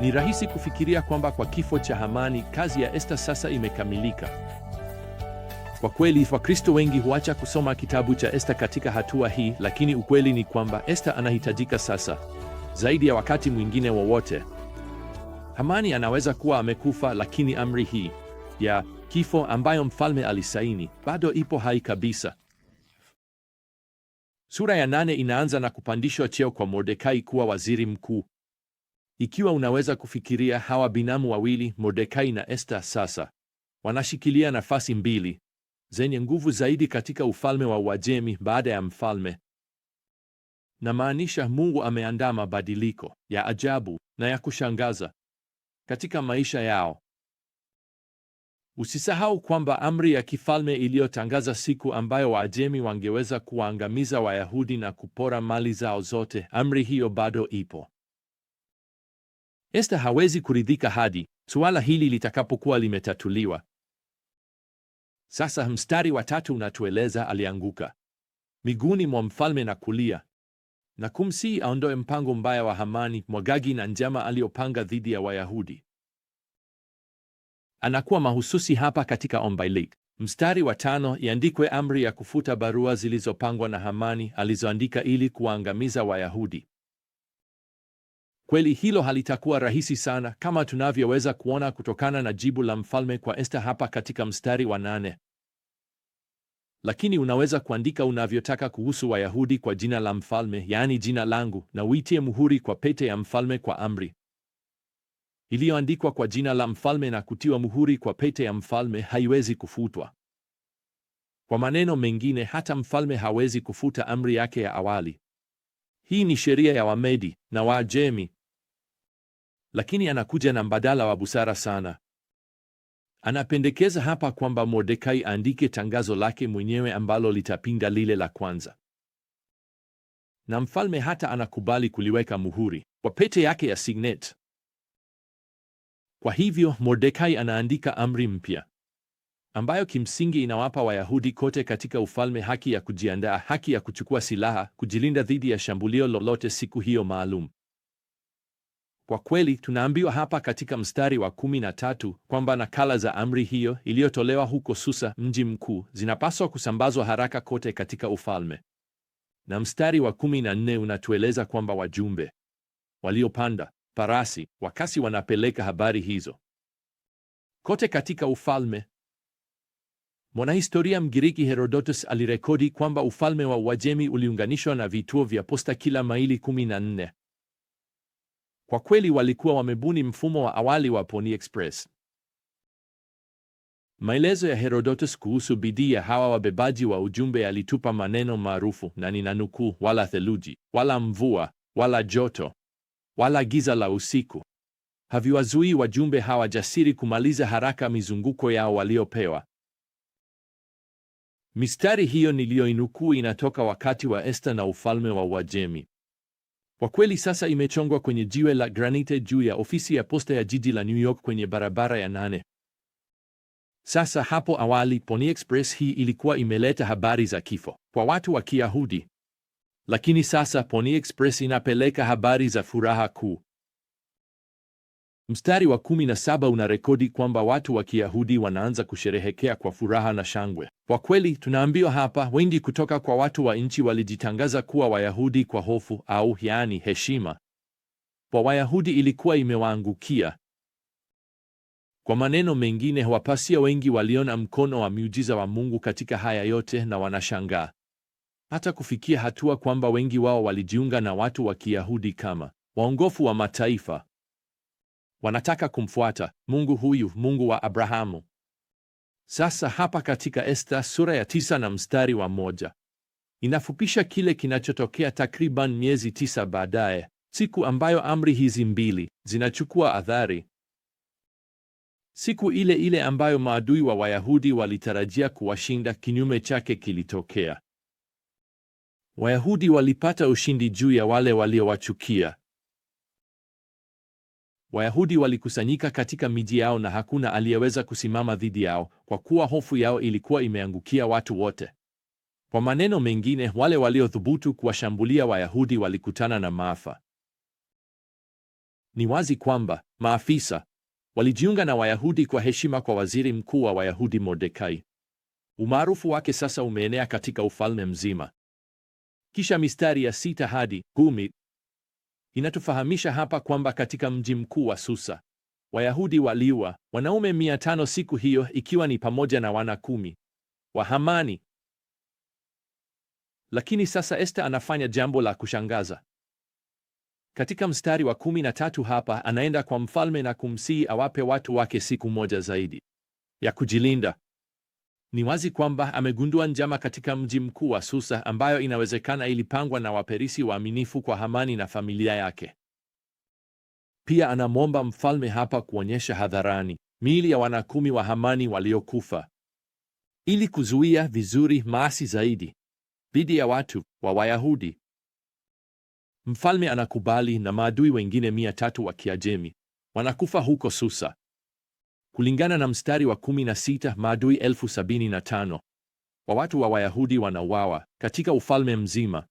Ni rahisi kufikiria kwamba kwa kifo cha Hamani kazi ya Esta sasa imekamilika. Kwa kweli Wakristo wengi huacha kusoma kitabu cha Esta katika hatua hii, lakini ukweli ni kwamba Esta anahitajika sasa zaidi ya wakati mwingine wowote. Hamani anaweza kuwa amekufa, lakini amri hii ya kifo ambayo mfalme alisaini bado ipo hai kabisa. Sura ya nane inaanza na kupandishwa cheo kwa Mordekai kuwa waziri mkuu. Ikiwa unaweza kufikiria, hawa binamu wawili Mordekai na Esta sasa wanashikilia nafasi mbili zenye nguvu zaidi katika ufalme wa Uajemi baada ya mfalme. Namaanisha, Mungu ameandaa mabadiliko ya ajabu na ya kushangaza katika maisha yao. Usisahau kwamba amri ya kifalme iliyotangaza siku ambayo Waajemi wangeweza kuwaangamiza Wayahudi na kupora mali zao zote, amri hiyo bado ipo. Esta hawezi kuridhika hadi suala hili litakapokuwa limetatuliwa. Sasa mstari wa tatu unatueleza alianguka miguuni mwa mfalme na kulia na kumsihi aondoe mpango mbaya wa Hamani Mwagagi na njama aliyopanga dhidi ya Wayahudi. Anakuwa mahususi hapa katika ombi. Mstari wa tano, iandikwe amri ya kufuta barua zilizopangwa na Hamani alizoandika ili kuwaangamiza Wayahudi. Kweli hilo halitakuwa rahisi sana kama tunavyoweza kuona kutokana na jibu la mfalme kwa Esta hapa katika mstari wa nane. Lakini unaweza kuandika unavyotaka kuhusu Wayahudi kwa jina la mfalme, yaani jina langu, na uitie muhuri kwa pete ya mfalme kwa amri iliyoandikwa kwa jina la mfalme na kutiwa muhuri kwa pete ya mfalme haiwezi kufutwa. Kwa maneno mengine, hata mfalme hawezi kufuta amri yake ya awali. Hii ni sheria ya Wamedi na Waajemi lakini anakuja na mbadala wa busara sana. Anapendekeza hapa kwamba Mordekai aandike tangazo lake mwenyewe ambalo litapinga lile la kwanza, na mfalme hata anakubali kuliweka muhuri kwa pete yake ya signet. Kwa hivyo Mordekai anaandika amri mpya ambayo kimsingi inawapa Wayahudi kote katika ufalme haki ya kujiandaa, haki ya kuchukua silaha, kujilinda dhidi ya shambulio lolote siku hiyo maalum. Kwa kweli tunaambiwa hapa katika mstari wa kumi na tatu kwamba nakala za amri hiyo iliyotolewa huko Susa, mji mkuu, zinapaswa kusambazwa haraka kote katika ufalme. Na mstari wa kumi na nne unatueleza kwamba wajumbe waliopanda parasi wakasi wanapeleka habari hizo kote katika ufalme. Mwanahistoria Mgiriki Herodotus alirekodi kwamba ufalme wa Uajemi uliunganishwa na vituo vya posta kila maili 14 kwa kweli walikuwa wamebuni mfumo wa awali wa Pony Express. Maelezo ya Herodotus kuhusu bidii ya hawa wabebaji wa ujumbe yalitupa maneno maarufu na ninanukuu, wala theluji wala mvua wala joto wala giza la usiku haviwazuii wajumbe hawa jasiri kumaliza haraka mizunguko yao waliopewa. Mistari hiyo niliyoinukuu inatoka wakati wa Esta na ufalme wa Uajemi. Kwa kweli sasa imechongwa kwenye jiwe la granite juu ya ofisi ya posta ya jiji la New York kwenye barabara ya nane. Sasa hapo awali Pony Express hii ilikuwa imeleta habari za kifo kwa watu wa Kiyahudi. Lakini sasa Pony Express inapeleka habari za furaha kuu. Mstari wa kumi na saba unarekodi kwamba watu wa Kiyahudi wanaanza kusherehekea kwa furaha na shangwe. Kwa kweli, tunaambiwa hapa, wengi kutoka kwa watu wa nchi walijitangaza kuwa Wayahudi kwa hofu au yaani heshima kwa Wayahudi ilikuwa imewaangukia. Kwa maneno mengine, wapasia wengi waliona mkono wa miujiza wa Mungu katika haya yote na wanashangaa hata kufikia hatua kwamba wengi wao walijiunga na watu wa Kiyahudi kama waongofu wa mataifa. Wanataka kumfuata Mungu huyu, Mungu wa Abrahamu. Sasa hapa katika Esta sura ya tisa na mstari wa moja inafupisha kile kinachotokea takriban miezi tisa baadaye, siku ambayo amri hizi mbili zinachukua athari, siku ile ile ambayo maadui wa Wayahudi walitarajia kuwashinda. Kinyume chake kilitokea. Wayahudi walipata ushindi juu ya wale waliowachukia. Wayahudi walikusanyika katika miji yao na hakuna aliyeweza kusimama dhidi yao, kwa kuwa hofu yao ilikuwa imeangukia watu wote. Kwa maneno mengine, wale waliothubutu kuwashambulia Wayahudi walikutana na maafa. Ni wazi kwamba maafisa walijiunga na Wayahudi kwa heshima kwa waziri mkuu wa Wayahudi Mordekai. Umaarufu wake sasa umeenea katika ufalme mzima. Kisha mistari ya sita hadi kumi Inatufahamisha hapa kwamba katika mji mkuu wa Susa Wayahudi waliwa wanaume mia tano siku hiyo, ikiwa ni pamoja na wana kumi wa Hamani. Lakini sasa Esta anafanya jambo la kushangaza. Katika mstari wa kumi na tatu hapa anaenda kwa mfalme na kumsihi awape watu wake siku moja zaidi ya kujilinda. Ni wazi kwamba amegundua njama katika mji mkuu wa Susa ambayo inawezekana ilipangwa na Waperisi waaminifu kwa Hamani na familia yake. Pia anamwomba mfalme hapa kuonyesha hadharani miili ya wanakumi wa Hamani waliokufa ili kuzuia vizuri maasi zaidi dhidi ya watu wa Wayahudi. Mfalme anakubali na maadui wengine mia tatu wa Kiajemi wanakufa huko Susa. Kulingana na mstari wa kumi na sita, maadui elfu sabini na tano wa watu wa Wayahudi wanauawa katika ufalme mzima.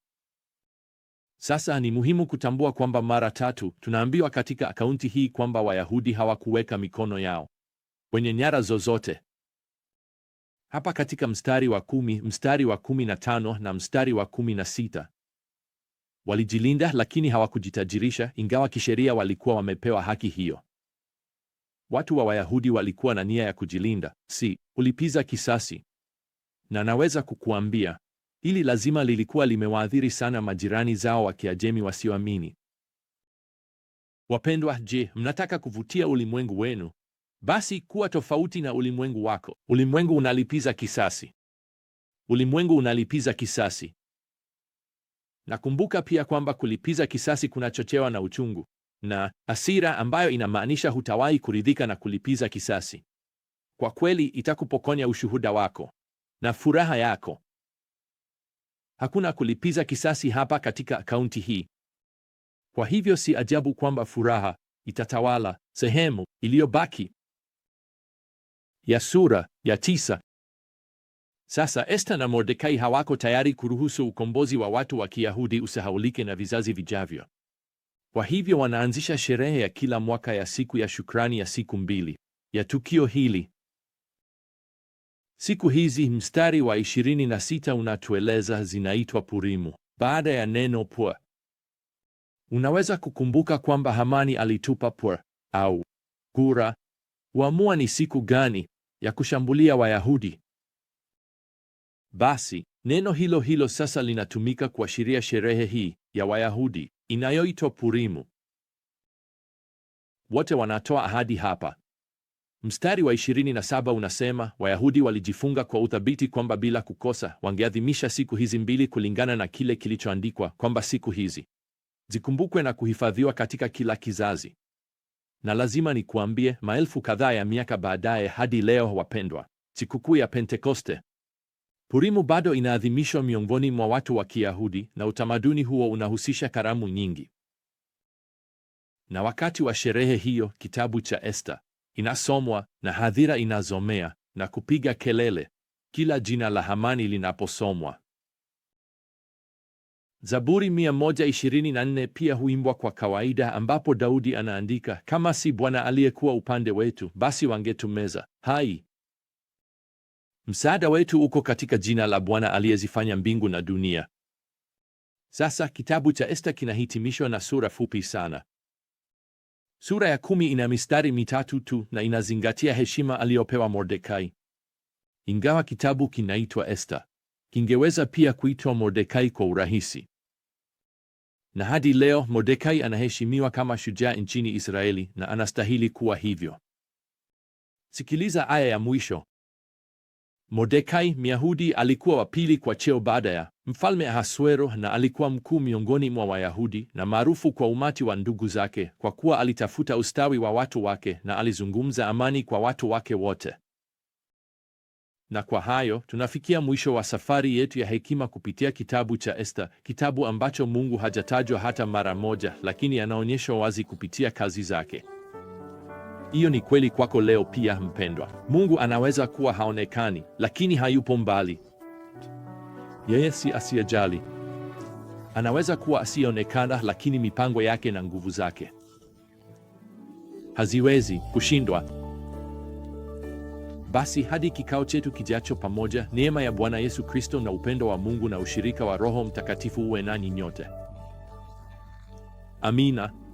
Sasa ni muhimu kutambua kwamba mara tatu tunaambiwa katika akaunti hii kwamba Wayahudi hawakuweka mikono yao kwenye nyara zozote. Hapa katika mstari wa kumi, mstari wa kumi na tano na mstari wa kumi na sita walijilinda, lakini hawakujitajirisha, ingawa kisheria walikuwa wamepewa haki hiyo. Watu wa Wayahudi walikuwa na nia ya kujilinda, si kulipiza kisasi. Na naweza kukuambia hili lazima lilikuwa limewaathiri sana majirani zao wa Kiajemi wasioamini. Wapendwa, je, mnataka kuvutia ulimwengu wenu? Basi kuwa tofauti na ulimwengu wako. Ulimwengu unalipiza kisasi. Ulimwengu unalipiza kisasi. Nakumbuka pia kwamba kulipiza kisasi kunachochewa na uchungu na hasira, ambayo inamaanisha hutawahi kuridhika na kulipiza kisasi, kwa kweli itakupokonya ushuhuda wako na furaha yako. Hakuna kulipiza kisasi hapa katika akaunti hii. Kwa hivyo si ajabu kwamba furaha itatawala sehemu iliyobaki ya sura ya tisa. Sasa Esta na Mordekai hawako tayari kuruhusu ukombozi wa watu wa Kiyahudi usahaulike na vizazi vijavyo. Kwa hivyo wanaanzisha sherehe ya kila mwaka ya siku ya shukrani ya siku mbili ya tukio hili. Siku hizi mstari wa 26 unatueleza zinaitwa Purimu baada ya neno pur. Unaweza kukumbuka kwamba Hamani alitupa pur au gura kuamua ni siku gani ya kushambulia Wayahudi. Basi neno hilo hilo sasa linatumika kuashiria sherehe hii ya Wayahudi inayoitwa Purimu. Wote wanatoa ahadi hapa. Mstari wa 27 unasema Wayahudi walijifunga kwa uthabiti kwamba bila kukosa wangeadhimisha siku hizi mbili kulingana na kile kilichoandikwa kwamba siku hizi zikumbukwe na kuhifadhiwa katika kila kizazi. Na lazima nikuambie, maelfu kadhaa ya miaka baadaye, hadi leo wapendwa, sikukuu ya Pentekoste Purimu bado inaadhimishwa miongoni mwa watu wa Kiyahudi na utamaduni huo unahusisha karamu nyingi. Na wakati wa sherehe hiyo, kitabu cha Esta inasomwa na hadhira inazomea na kupiga kelele kila jina la Hamani linaposomwa. Zaburi 124 pia huimbwa kwa kawaida, ambapo Daudi anaandika, kama si Bwana aliyekuwa upande wetu, basi wangetumeza hai. Msaada wetu uko katika jina la Bwana aliyezifanya mbingu na dunia. Sasa kitabu cha Esta kinahitimishwa na sura fupi sana. Sura ya kumi ina mistari mitatu tu na inazingatia heshima aliyopewa Mordekai. Ingawa kitabu kinaitwa Esta, kingeweza pia kuitwa Mordekai kwa urahisi. Na hadi leo Mordekai anaheshimiwa kama shujaa nchini Israeli na anastahili kuwa hivyo. Sikiliza aya ya mwisho Mordekai Myahudi alikuwa wa pili kwa cheo baada ya mfalme Ahasuero, na alikuwa mkuu miongoni mwa Wayahudi na maarufu kwa umati wa ndugu zake, kwa kuwa alitafuta ustawi wa watu wake na alizungumza amani kwa watu wake wote. Na kwa hayo tunafikia mwisho wa safari yetu ya hekima kupitia kitabu cha Esta, kitabu ambacho Mungu hajatajwa hata mara moja, lakini anaonyeshwa wazi kupitia kazi zake. Hiyo ni kweli kwako leo pia, mpendwa. Mungu anaweza kuwa haonekani, lakini hayupo mbali. Yeye si asiyejali. Anaweza kuwa asiyeonekana, lakini mipango yake na nguvu zake haziwezi kushindwa. Basi hadi kikao chetu kijacho pamoja, neema ya Bwana Yesu Kristo na upendo wa Mungu na ushirika wa Roho Mtakatifu uwe nanyi nyote. Amina.